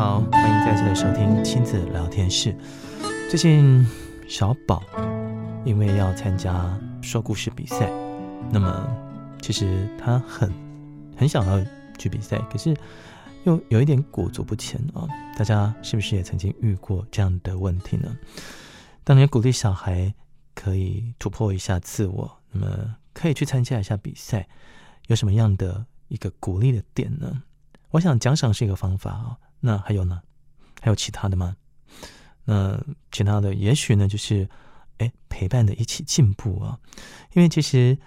好，歡迎再次的收聽親子聊天室。最近小寶因為要參加說故事比賽，那麼其實他很很想要去比賽，可是又有一點裹足不前啊、哦。大家是不是也曾經遇過這樣的問題呢？當你鼓勵小孩可以突破一下自我，那麼可以去參加一下比賽，有什麼樣的一個鼓勵的點呢？我想獎賞是一個方法啊、哦。那還有呢？還有其他的嗎？那其他的也許呢，就是哎，陪伴的一起進步啊。因為其實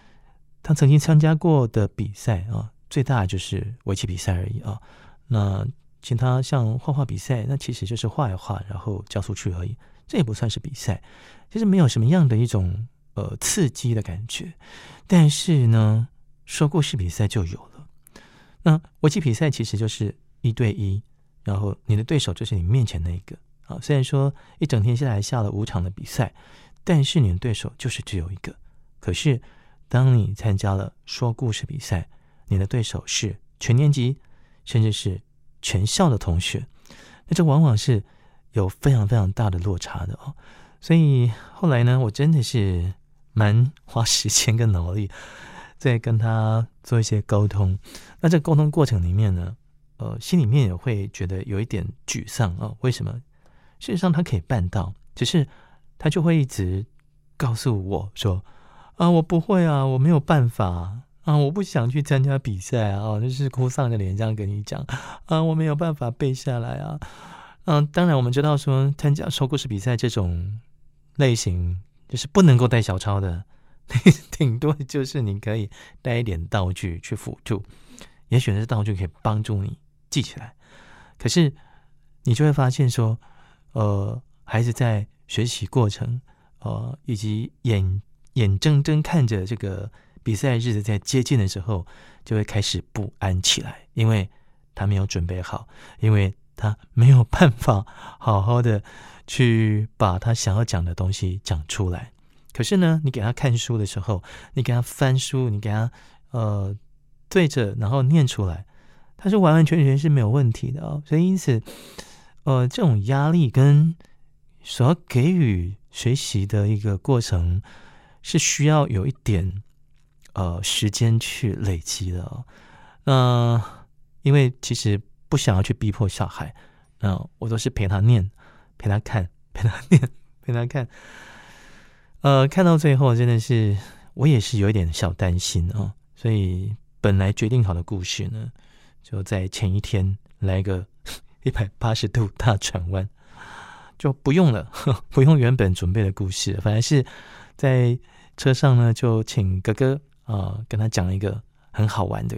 他曾經參加過的比賽啊，最大就是圍棋比賽而已啊。那其他像畫畫比賽，那其實就是畫一畫，然後交出去而已，這也不算是比賽，其實沒有什麼樣的一種呃刺激的感覺。但是呢，說故事比賽就有了。那圍棋比賽其實就是一對一。然後你的對手就是你面前那一個啊，雖然說一整天下來下了五場的比賽，但是你的對手就是只有一個。可是當你參加了說故事比賽，你的對手是全年級，甚至是全校的同學，那這往往是有非常非常大的落差的哦。所以後來呢，我真的是蠻花時間跟腦力在跟他做一些溝通。那這溝通過程裡面呢？呃，心裡面也會覺得有一點沮喪哦。為什麼？事實上，他可以辦到，只是他就會一直告訴我說：“啊，我不會啊，我沒有辦法啊，啊，我不想去參加比賽啊。”啊，就是哭喪着臉這樣跟你講：“啊，我沒有辦法背下來啊。”啊，嗯，當然我們知道說參加說故事比賽這種類型，就是不能夠帶小抄的，頂多就是你可以帶一點道具去輔助，也許這道具可以幫助你記起來，可是你就會發現說，呃，孩子在學習過程，呃，以及眼眼睜睜看着這個比賽日子在接近的時候，就會開始不安起來，因為他沒有準備好，因為他沒有辦法好好的去把他想要講的東西講出來。可是呢，你給他看書的時候，你給他翻書，你給他呃對着，然後念出來。他是完完全全是沒有問題的哦，所以因此，呃，這種壓力跟所要給予學習的一個過程是需要有一點，呃，時間去累積的哦。那，呃，因為其實不想要去逼迫小孩，那，呃，我都是陪他念，陪他看，陪他念，陪他看。呃，看到最後真的是我也是有一點小擔心啊哦，所以本來決定好的故事呢。就在前一天來個一百八十度大轉彎，就不用了， 不用原本準備的故事。反正是在車上呢，就請哥哥啊、呃、跟他講一個很好玩的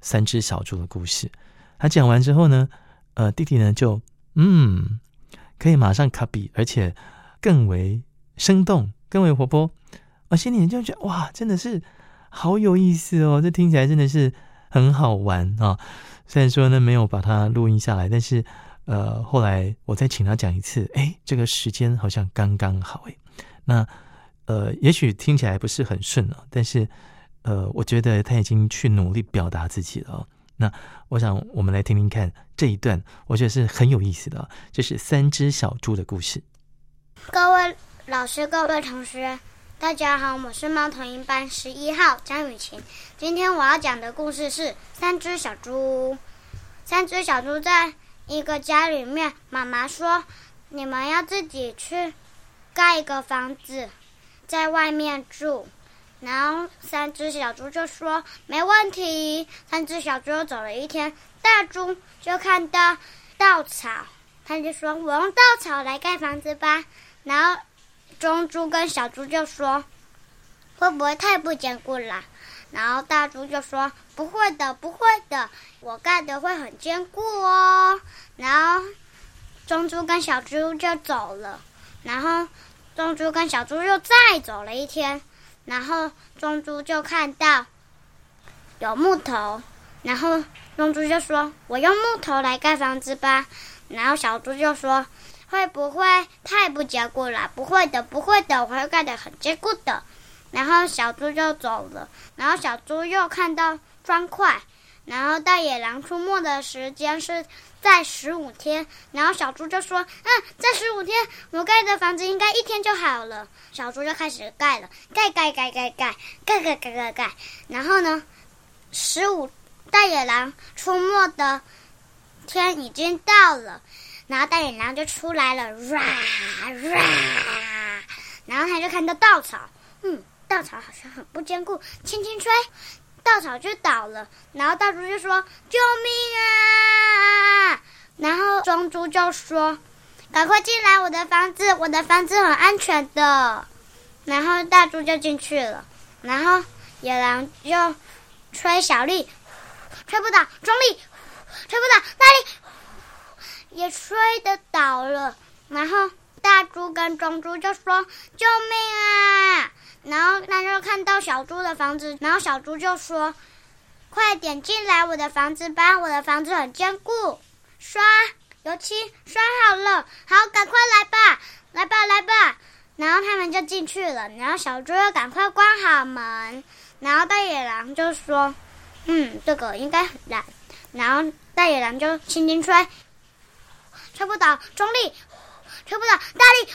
三只小豬的故事。他講完之後呢，呃，弟弟呢就嗯可以馬上 copy，而且更為生動，更為活潑。我、哦、心裡就覺得哇，真的是好有意思哦，這聽起來真的是。很好玩啊，哦！雖然說呢，沒有把它錄音下來，但是，呃，後來我再請他講一次，哎、欸，這個時間好像剛剛好，誒。那呃，也許聽起來不是很順啊，但是，呃，我覺得他已經去努力表達自己了，哦。那我想，我們來聽聽看這一段，我覺得是很有意思的，就是三隻小豬的故事。各位老師，各位同學。大家好，我是貓頭鷹班十一號張雨晴。今天我要講的故事是《三隻小豬》。三隻小豬在一個家裡面，媽媽說：“你們要自己去蓋一個房子，在外面住。”然後三隻小豬就說：“沒問題。”三隻小豬又走了一天，大豬就看到稻草，他就說：“我用稻草來蓋房子吧。”然後。中豬跟小豬就說：“會不會太不堅固了？”然後大豬就說：“不會的，不會的，我蓋的會很堅固哦。”然後中豬跟小豬就走了。然後中豬跟小豬又再走了一天。然後中豬就看到有木頭，然後中豬就說：“我用木頭來蓋房子吧。”然後小豬就說。會不會太不堅固了？不會的，不會的，我會蓋得很堅固的。然後小豬就走了。然後小豬又看到磚塊。然後大野狼出沒的時間是在十五天。然後小豬就說：“嗯，在十五天，我蓋的房子應該一天就好了。”小豬就開始蓋了，蓋蓋蓋蓋蓋蓋蓋蓋蓋蓋。然後呢，十五大野狼出沒的天已經到了。然後大野狼就出來了，唰唰，然後他就看到稻草，嗯，稻草好像很不堅固，輕輕吹，稻草就倒了。然後大豬就說：“救命啊！”然後莊豬就說：“趕快進來我的房子，我的房子很安全的。”然後大豬就進去了。然後野狼就吹小力，吹不倒；中力，吹不倒；大力。也吹得倒了，然後大豬跟中豬就說：“救命啊！”然後他就看到小豬的房子，然後小豬就說：“快點進來，我的房子吧，我的房子很堅固，刷油漆刷好了，好，趕快來吧，來吧，來吧。”然後他們就進去了，然後小豬又趕快關好門，然後大野狼就說：“嗯，這個應該很爛。”然後大野狼就輕輕吹。吹不倒中力。吹不倒大力，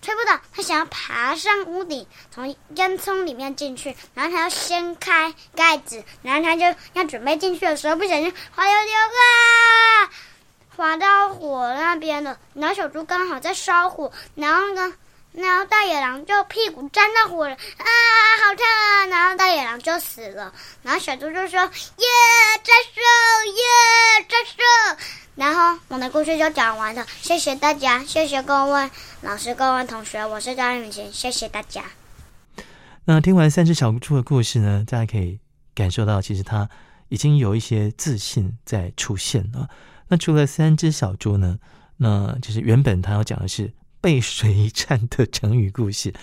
吹不倒。他想要爬上屋頂，從煙囪裡面進去，然後他要掀開蓋子，然後他就要準備進去的時候，不小心滑溜溜啊，滑到火那邊了。然後小豬剛好在燒火，然後呢，然後大野狼就屁股沾到火了啊，好燙啊！然後大野狼就死了。然後小豬就說：“耶，戰勝！耶，戰勝！”然後我的故事就講完了，謝謝大家，謝謝各位老師、各位同學，我是張雨晴，謝謝大家。那聽完三隻小豬的故事呢，大家可以感受到其實他已經有一些自信在出現了。那除了三隻小豬呢，那其實原本他要講的是背水一戰的成語故事。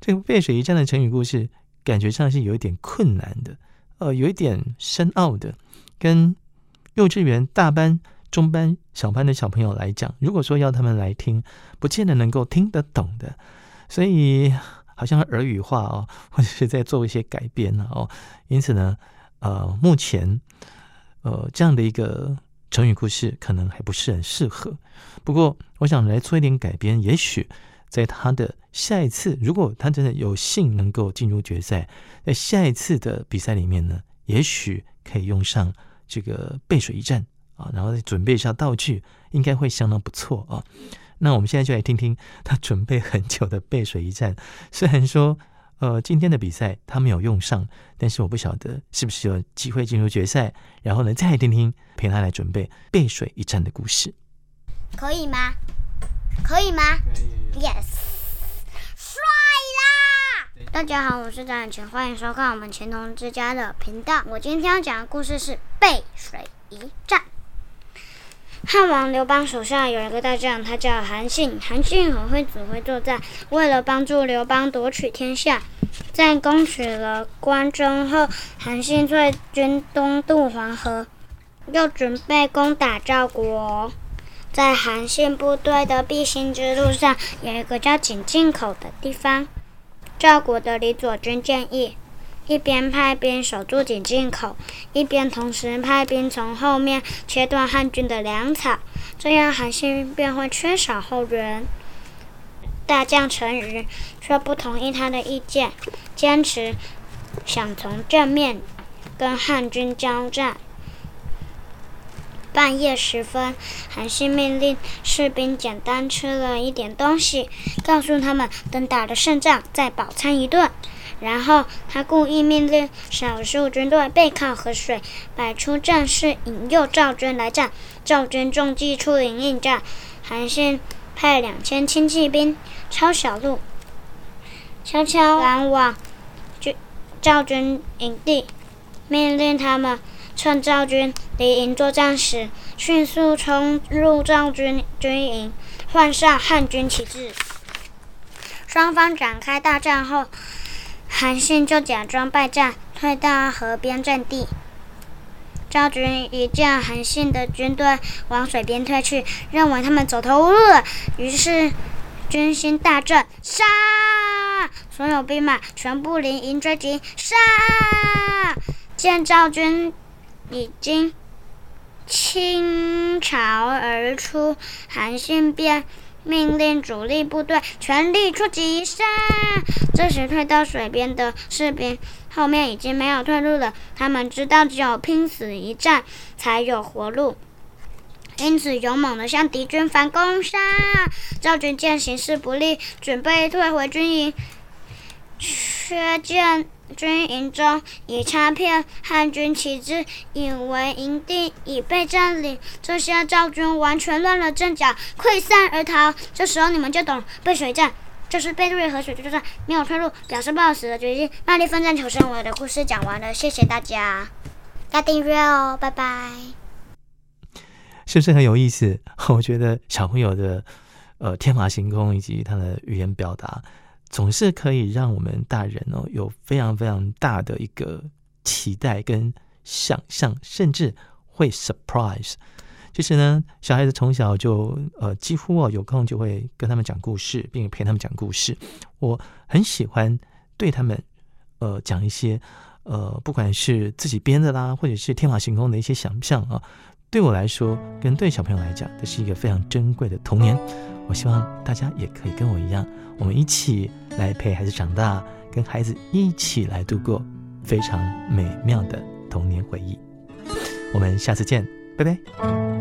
這個背水一戰的成語故事，感覺上是有一點困難的，呃，有一點深奧的，跟幼稚園大班。中班、小班的小朋友來講，如果說要他們來聽，不見得能夠聽得懂的，所以好像耳語化哦，或者是在做一些改編呢哦。因此呢，呃，目前，呃，這樣的一個成語故事可能還不是很適合。不過，我想來做一點改編，也許在他的下一次，如果他真的有幸能夠進入決賽，在下一次的比賽裡面呢，也許可以用上這個背水一戰。啊，然後再準備一下道具，應該會相當不錯啊、哦。那我們現在就來聽聽他準備很久的背水一戰。雖然說，呃，今天的比賽他沒有用上，但是我不曉得是不是有機會進入決賽。然後呢，再來聽聽陪他來準備背水一戰的故事，可以嗎？可以嗎？可以？Yes，帥啦、欸！大家好，我是張雅群，歡迎收看我們情同之家的頻道。我今天要講的故事是背水一戰。漢王劉邦手下有一個大將，他叫韓信。韓信很會指揮作戰，為了幫助劉邦奪取天下，在攻取了關中後，韓信率軍東渡黃河，又準備攻打趙國。在韓信部隊的必經之路上，有一個叫井陘口的地方。趙國的李左軍建議。一邊派兵守住井陘口，一邊同時派兵從後面切斷漢軍的糧草，這樣韓信便會缺少後援。大將陳馀卻不同意他的意見，堅持想從正面跟漢軍交戰。半夜時分，韓信命令士兵簡單吃了一點東西，告訴他們等打了勝仗再飽餐一頓。然後，他故意命令少數軍隊背靠河水，擺出陣勢引誘趙軍來戰。趙軍中計出營應戰，韓信派兩千輕騎兵抄小路，悄悄趕往趙軍營地，命令他們趁趙軍離營作戰時，迅速衝入趙軍軍營，換上漢軍旗幟。雙方展開大戰後，韓信就假裝敗戰，退到河邊陣地。趙軍一見韓信的軍隊往水邊退去，認為他們走投無路了，於是軍心大振，殺！所有兵馬全部臨營追擊，殺！見趙軍已經傾巢而出，韓信便。命令主力部隊全力出擊，殺！這時退到水邊的士兵後面已經沒有退路了，他們知道只有拼死一戰才有活路，因此勇猛地向敵軍反攻殺。趙軍見形勢不利，準備退回軍營，卻見。軍營中，已插片漢軍旗幟，以為營地已被占領。這下趙軍完全亂了陣腳，潰散而逃。這時候你們就懂背水戰，就是背對着河水作戰，沒有退路，表示不好死的決心，賣力奮戰求生。我的故事講完了，謝謝大家，要訂閱哦，拜拜。是不是很有意思？我覺得小朋友的呃天馬行空以及他的語言表達。總是可以讓我們大人、哦、有非常非常大的一個期待跟想象，甚至會 surprise。其實呢，小孩子從小就呃幾乎、哦、有空就會跟他們講故事，並陪他們講故事。我很喜歡對他們呃講一些呃不管是自己編的啦，或者是天馬行空的一些想象啊。對我來說，跟對小朋友來講，這是一個非常珍貴的童年。我希望大家也可以跟我一樣，我們一起來陪孩子長大，跟孩子一起來度過非常美妙的童年回憶。我們下次見，拜拜。